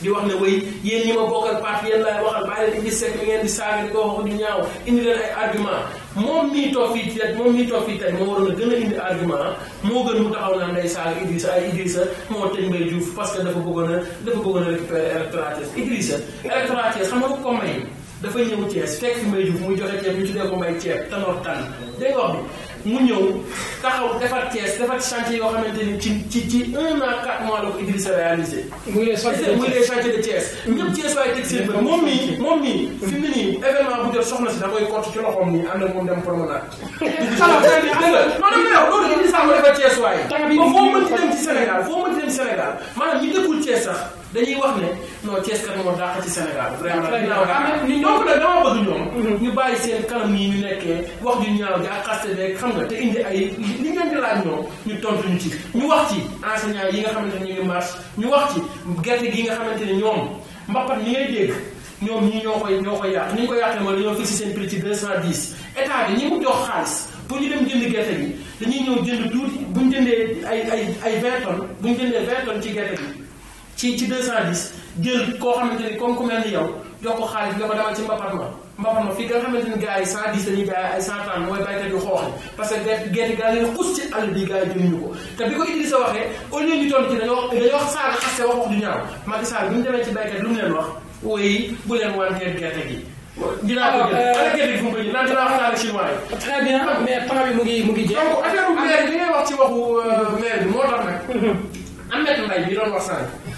Speaker 2: di wax ne way yéen ñi ma bokkal parti yéen laay waxal bàyyi leen di gis sekk bi ngeen di saaga di ko wax di ñaaw indi leen ay argument moom mii toog fii tey moom mii toog fii tey moo a gën moo gën mu taxaw naan day saaga Idrissa ay tëj Mbaye Diouf parce que dafa bëggoon a dafa bëggoon a récupérer électorat Thiès Idrissa électorat xam nga ko may dafa ñëw Thiès fekk Mbaye Diouf muy joxe ceeb ñu tuddee ko Mbaye ceeb tanoor tànn dégg bi mu ñëw taxaw defar Thiès defar chantier yoo xamante ni ci ci ci un an quatre mois la ko Idrissa réalisé. muy les chantiers de Thiès ñëpp Thiès waaye teg seen bët moom mii moom mii fi mu ne nii événement bu jot soxna si da koy kott ci loxoom nii ànd ak moom dem promenade. alors que dégg nga non non loolu Idrissa ko defar Thiès waaye. foo mën ci dem ci Sénégal foo mën ci dem ci Sénégal maanaam ñi dëkkul Thiès sax. dañuy wax ne non Thiès kat moo dàq ci Sénégal vraiment ginnaaw ni ah, donc nag dama bëgg ñoom mhm. ñu bàyyi seen kanam nii ñu nekkee wax ju ñaaw ji ak xaste beeg xam nga te indi ay li ngeen di laaj ñoom ñu tontuñu ci ñu wax ci enseignant yi nga xamante ne ñu ngi marche ñu wax ci gerte gi nga xamante ne ñoom mbappat li ngay dégg ñoom ñii ñoo koy ñoo koy yàq ni ñu ko yàqee mooy dañoo fixé seen prix ci deux cent dix état bi ñi mu jox xaalis pour ñu dem jënd gerte gi dañuy ñëw jënd tuuti bu ñu jëndee ay ay ay vingt tonnes bu ñu jëndee vingt tonnes ci gerte gi ci ci 210 jël koo xamante ni comme ku mel ni yow jox ko xaalis nga ko demal ci mbapat ma mbapat ma fii nga xamante ni gars yi 110 dañuy jaay ay 130 mooy baykat yu xoox parce que gerte gaa yi xus ci àll bi gars yi jëriñu ko te bi ko Idrissa waxee au lieu ñu tontu ci dañoo dañoo wax xaste wax wax du ñaaw Macky Sall bi mu demee ci baykat lu mu leen wax woy bu leen wanteer gerte gi dinaa ko jël ala euh, gerte gi fu mu ak chinois yi. très mu ngi mu ngi jeex.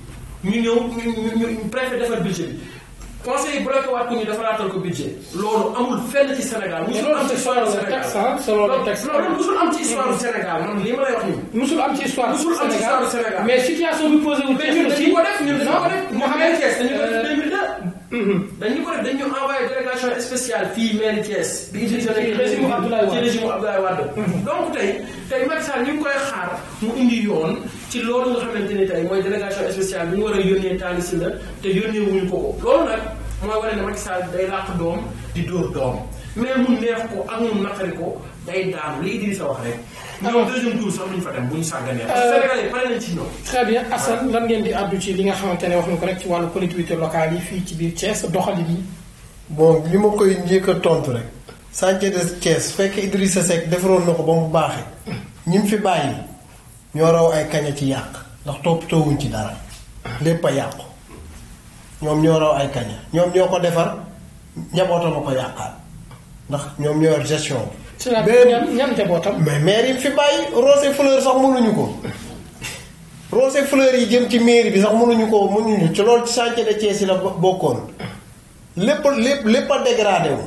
Speaker 2: ñu ñëw ñu ñu préfet defar budget bi conseil yi bloqué waat ko ñu defaraatal ko budget loolu amul fenn ci Sénégal. musul am ci histoire Sénégal loolu musul am ci histoire Sénégal man lii ma lay wax nii. musul am ci histoire
Speaker 1: Sénégal mais situation bi
Speaker 2: posé wu. tey dañu ko def ñun dañu ko def. mu xamee Thiès dañu ko def 2002. Euh, mhm. dañu ko def dañu envoyé délégation spéciale fii mairie Thiès. bi ci régime Abdoulaye Wade mhm. donc tey tey Macky Sall ñu ngi koy xaar mu indi yoon. ci loolu nga xamante ne tey mooy délégation spéciale bi ñu war a yónnee Talla Sylla te yónnee wuñu ko ko loolu nag mooy wane ne Macky Sall day làq doom di dóor doom mais mu neex ko ak mu naqari ko day daanu lii di sa wax rek. ñoom ah. deuxième tour sax duñ fa dem bu ñu sàgganee. Euh, Sénégalais
Speaker 1: pare nañ ci ñoom. très bien Assane lan ngeen di addu ci li nga xamante ne wax nga ko rek ci wàllu collectivité locale yi
Speaker 3: fii ci biir Thiès doxali yi. bon li ma koy njëkk a tontu rek. Sadio des Thiès fekk Idrissa Seck defaroon na ko ba mu baaxee. ñi fi bàyyi. ñoo raw ay kaña ci yàq ndax toppatoo wuñ ci dara lépp a yàqu ñoom ñoo raw ay kaña ñoom ñoo ko defar njabootam a ko yàqaat ndax ñoom ñoo yor gestion bi. ñam njabootam. mais maire yi fi bàyyi rosée fleur sax mënuñu ko roose fleur yi jëm ci mairie bi sax mënuñu ko mënuñu ci loolu ci chantier de Thiès yi la bokkoon lépp lépp lépp a dégradé wu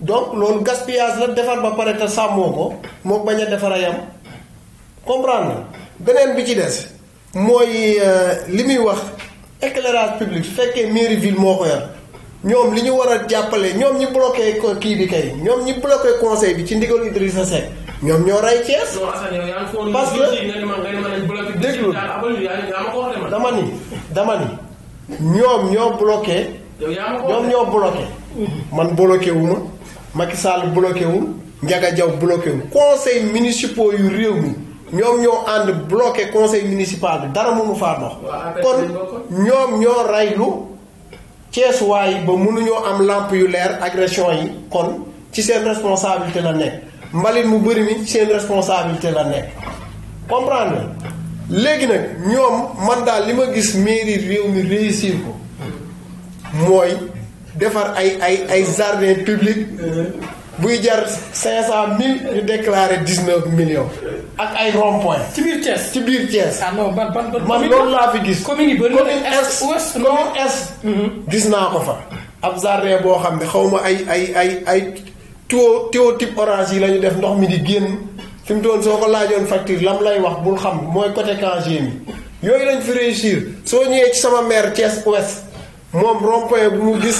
Speaker 3: donc loolu gaspillage la defar ba pare te sàmmoo ko moom bañ a defar a yam. comprendre beneen bi ci des mooy euh, li muy wax éclairage public su fekkee mairie ville moo ko yor ñoom li ñu war a jàppale ñoom ñi bloqué kii bi kay ñoom ñi bloqué conseil bi ci ndigal Idrissa Seck ñoom ñoo rey Thiès. parce que déglu dama ni dama ni ñoom ñoo bloqué. ñoom ñoo bloqué. man bloqué wu ma Macky Sall bloqué wu Ndiaga Diaw bloqué wu conseil municipal yu réew mi. Nous ñoo bloqué le conseil municipal bi dara mënu faa dox. kon ñoo raylu ceesuwaay ba mënuñoo am lampe yu leer agression yi kon ci seen responsabilité la nekk avons mu bëri mi seen responsabilité la nekk comprendre léegi nag ñoom man daal li gis mairie réew mi réussir ko public. buy jar cinq cent mille ñu déclaré dix neuf ak ay rond ci biir Thiès ci biir Thiès. ah non ban ban ban man loolu laa fi gis. commune yi bëri na est ouest commune est. Mhm. gis naa ko fa. ab jardin boo xam ne xaw ma ay ay ay ay tuyau tuyau type yi la ñu def ndox mi di génn fi mu doon soo ko laajoon facture lam lay wax bul xam mooy côté Kangé mi yooyu lañ fi soo ñëwee ci sama maire Thiès ouest. moom rond bu mu gis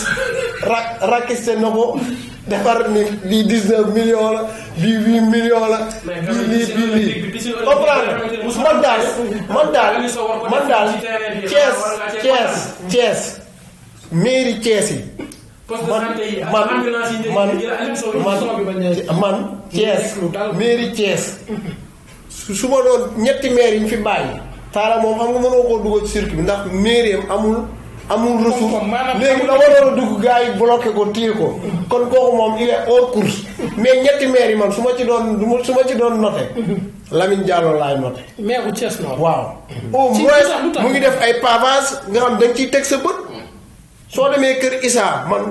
Speaker 3: ra rakiste na ko defar ni lii dix-neuf million la lii huit millions la. lii lii bii lii. comprendre man daal man daal man daal Thiès Thiès Thiès mairie cees yi.
Speaker 2: man man man
Speaker 3: man man Thiès mairie Thiès su ma doon ñetti maire yi ñu fi bàyyi. taala moom xam nga koo dugal ci bi ndax mairie amul. amul ressource léegi da waroon a dugg gars yi bloqué ko téye ko kon kooku moom il est hors course mais ñetti maire yi man su ma ci doon du ma su ma ci doon noté Lamine Diallo laay noté maire bu Thiès noonu waaw au mu ngi def ay pavage nga xam dañ ciy teg sa bët soo demee kër Issa man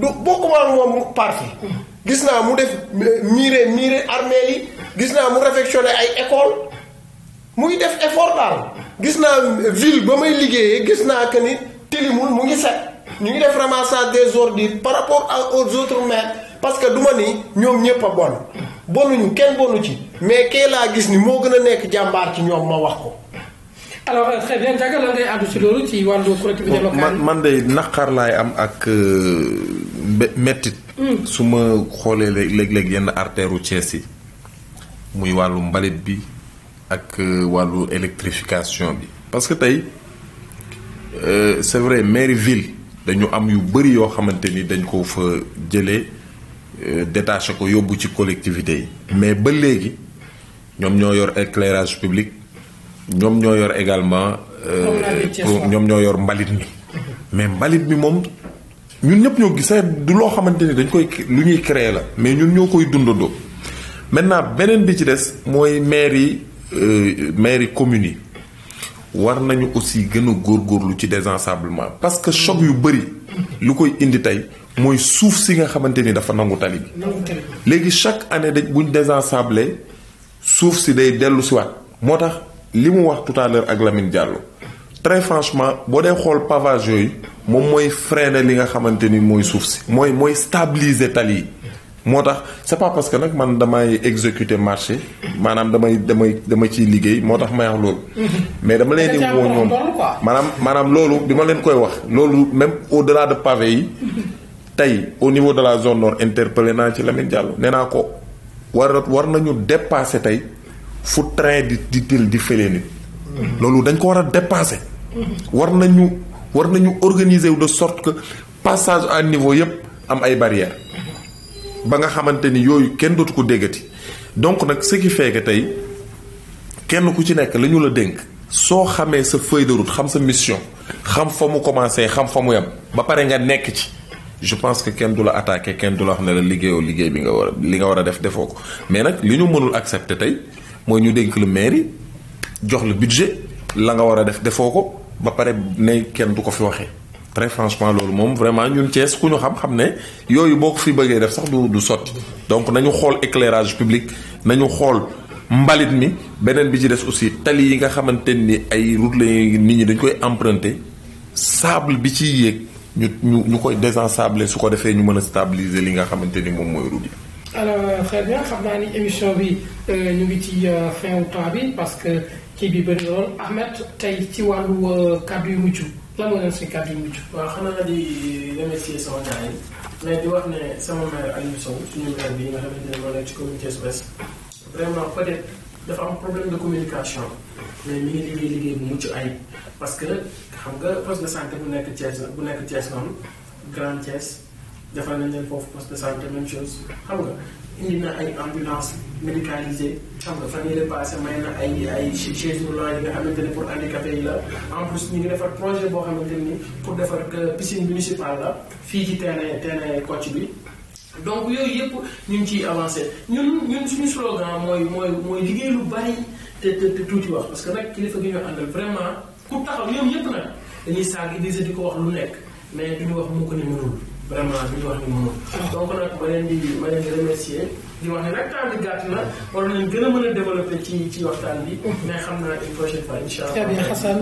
Speaker 3: du bokkuma ak moom parti gis naa mu def euh, miire miire armée yi gis naa mu réfectionné ay mu ngi def effort daal gis naa ville ba may liggéeyee gis naa que nit tilimul mu ngi set ñu ngi def ramassage des ordures par rapport a autres maires parce que duma ni ñoom ñëpp a bon bonuñu kenn bonu ci mais kee laa gis ni moo gën a nekk jàmbaar ci ñoom ma wax ko. alors euh, ci loolu ci wàllu
Speaker 4: collectivité man man de naqar laay am ak euh, mettit hmm. su ma xoolee léeg-léeg yenn artère u Thiès yi muy wàllu mbalit bi ak euh, wàllu électrification bi parce que tey. Euh, c'est vrai mairie ville dañu am yu bari yo xamanteni dañ ko fa jëlee euh, détaché ko yóbbu ci collectivité mais ba légui ñom ño yor éclairage public ñom ño yor également euh, ñom ño yor mbalit mi mais mbalit mi mom ñun ñep ñoo gisé du lo xamanteni dañ koy lu ñuy créer la mais ñun ñoo koy dundandoo maintenant benen bi ci dess moy maire euh maire yi war nañu aussi gën a góorgóorlu ci désensablement parce que choc yu bëri lu koy indi tey mooy suuf si nga xamante ni dafa nangu tali bi léegi chaque année dañ buñ désensablé suuf si day dellu si waat moo tax li mu wax tout ak Lamine Diallo très franchement boo dee xool pavage yooyu moom mooy freiner li nga xamante ni mooy suuf si mooy mooy stabiliser tali yi motax c'est pas parce que nak man damay exécuter marché manam damay damay dama ci liguey motax may wax loolu. Mhm. mais dama len di wo ñom manam manam lolu bi len koy wax lolu même au delà de pavé yi. tay au niveau de la zone nord interpellé naa ci Lamine Diallo nee naa ko war war nañu dépasser tay fu train di di til di félé nit. Mhm. lolu dañ ko wara dépasser. Mhm. war nañu war nañu organiser de sorte que passage à niveau yépp am ay barrières ba nga xamante ni yooyu kenn dootu ko déggati donc nag ce qui fait que tey kenn ku ci nekk la ñu la dénk soo xamee sa feuille de route xam sa mission xam fa mu commencé xam fa mu yem ba pare nga nekk ci je pense que kenn du la attaqué kenn du la wax ne la liggéeyoo liggéey bi nga war li nga war a def defoo ko mais nag li ñu mënul accepter tey mooy ñu dénk la maire jox le budget la nga war a def defoo ko ba pare ne kenn du ko fi waxee très franchement loolu moom vraiment ñun Thiès ku ñu xam-xam ne yooyu boo ko fi bëggee def sax du du sotti donc nañu xool éclairage public nañu xool mbalit mi beneen bi ci des aussi tali yi nga xamante ni ay route la nit ñi dañ koy emprunter sable bi ci yéeg ñu ñu ñu koy désensabler su ko defee ñu mën a stabiliser li nga xamante ni moom mooy route yi.
Speaker 1: alors euh, très bien xam naa ni émission bi euh, ñu ngi ci euh, fin wu temps bi parce que kii bi bëri na lool Ahmed tey ci wàllu kàddu yu mujj. tàmm leen si kàddu yu xam waaw xanaa di
Speaker 2: remercier sama gars yi mais di wax ne sama maire Aliou Sow suñu maire bi nga xamante ne moo nekk ci commune Thiès Ouest vraiment peut-être dafa am problème de communication mais mi ngi liggéey liggéey bu mucc ay parce que xam nga poste de santé bu nekk Thiès bu nekk Thiès noonu Grand Thiès defal nañ leen foofu poste de santé même chose xam nga. indi na ay ambulance médicalisée xam nga fan yii passé may na ay ay chaise roulante yi nga xamante ne pour handicapé yi la en plus ñu ngi defar projet boo xamante ni pour defar si municipale la fii ci terrain terrain Kocc bi donc yooyu yëpp ñu ngi ciy avancé ñun ñun suñu slogan mooy mooy mooy liggéey lu bari te te tuuti wax parce que nag kilifa gi ñu àndal vraiment ku taxaw ñoom ñëpp nag dañuy saag di di ko wax lu nekk mais duñu wax mu ko ne mënul vraiment li ñu wax ni moom. donc
Speaker 3: na war nañ gën a mën a ci ci waxtaan bi. mais xam naa une prochaine fois incha allah. très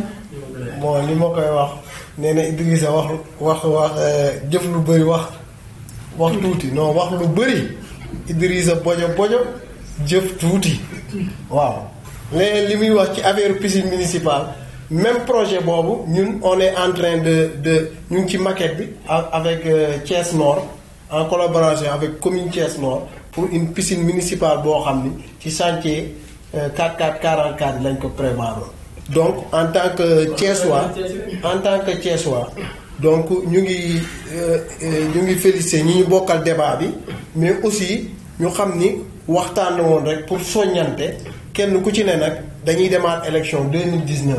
Speaker 3: bien li ma koy wax nee na Idrissa wax wax wax euh, jëf lu bëri wax wax tuuti non wax lu bëri Idrissa bojo bojo jëf tuuti waaw mais li muy wax ci affaire piscine municipale. même projet bobu ñun on est en train de de ñu ci maquette bi avec euh, Thiès Nord en collaboration avec commune Thiès Nord pour une piscine municipale qui xamni ci chantier 4444 euh, lañ ko prévoir donc en tant que Thièsois en tant que Thièsois donc ñu ngi euh, ñu ngi féliciter ñi ñu bokal débat bi mais aussi ñu xamni rek pour soigner kenn ku ci ne nak dañuy élections élection 2019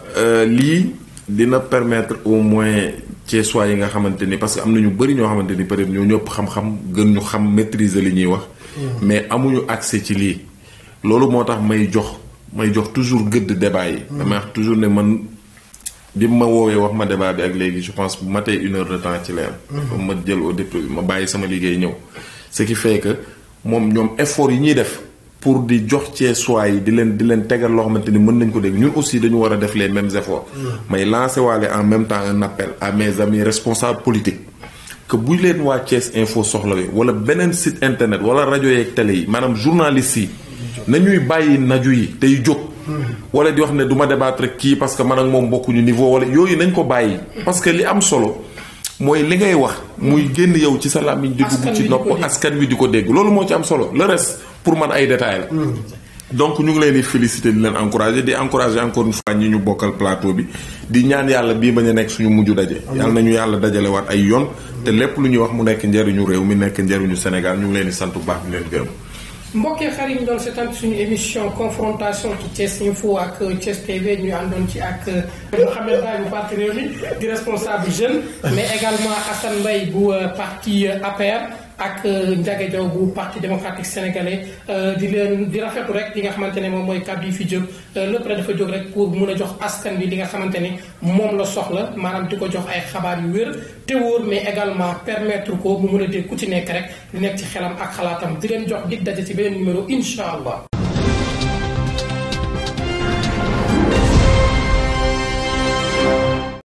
Speaker 4: Euh, li dina permettre au moins ci soit yi nga xamanteni parce que amna ñu bari ño xamanteni ni peut-être ñoo ñëpp xam-xam gën ñu xam maîtriser li ñuy wax. Mm. mais amuñu accès ci li lolu motax may jox may jox toujours gëdd débat yi. Mm. wax toujours ne man bi ma woowee wax ma débat bi ak légui je pense bu matee une heure de temps ci la mm. ma jël au dépôt ma bàyyi sama liggéey ñew ce qui fait que mom ñom effort yi ñuy def. pour di jox cee choix yi di leen di leen tegal loo xamante ni mën nañ ko dégg ñun aussi dañu war a def les mêmes efforts. Mm. may lancer waale en même temps un appel à mes amis responsables politiques. que bu leen waa Thiès info soxlawee wala beneen site internet wala rajo yeeg télé yi maanaam journaliste yi. nañuy bàyyi naju yi tey jóg. Mm. wala di wax ne du ma rek kii parce que man ak moom bokkuñu niveau wala yooyu nañ ko bàyyi. Mm. parce que li am solo. mooy li ngay wax muy génn yow ci sa làmmiñ di dugg ci nopp askan wi di ko dégg loolu moo ci am solo le reste pour man ay détails la hmm. donc ñu ngi leen di féliciter di leen encourager di encourager encore une fois ñu bokkal plateau bi di ñaan yàlla bii bañ a nekk suñu mujj daje yàlla nañu yàlla dajalewaat ay yoon te lépp lu ñuy wax mu nekk njariñu réew mi nekk njariñu Sénégal ñu ngi leen di sant bu baax di leen gërëm
Speaker 1: Mboké yi xarit ñu doon suñu émission confrontation ci Thiès Info ak Thiès TV ñu àndoon ci ak euh, Mouhamed Baye bu parti di responsable jeune mais également Assane Mbaye bu euh, parti euh, APR ak euh, Ndiaga Diaw bu parti démocratique sénégalais euh, di leen di rafetlu rek di nga xamante ne moom mooy kàddu yi fi jóg euh, lépp rek dafa jóg rek pour mun a jox askan bi li nga xamante ne moom la soxla maanaam du ko jox ay xabaar yu wér te wóor mais également permettre ko mu mun a dégg ku ci nekk rek lu nekk ci xelam ak xalaatam di leen jox di daje ci beneen numéro incha
Speaker 2: allah.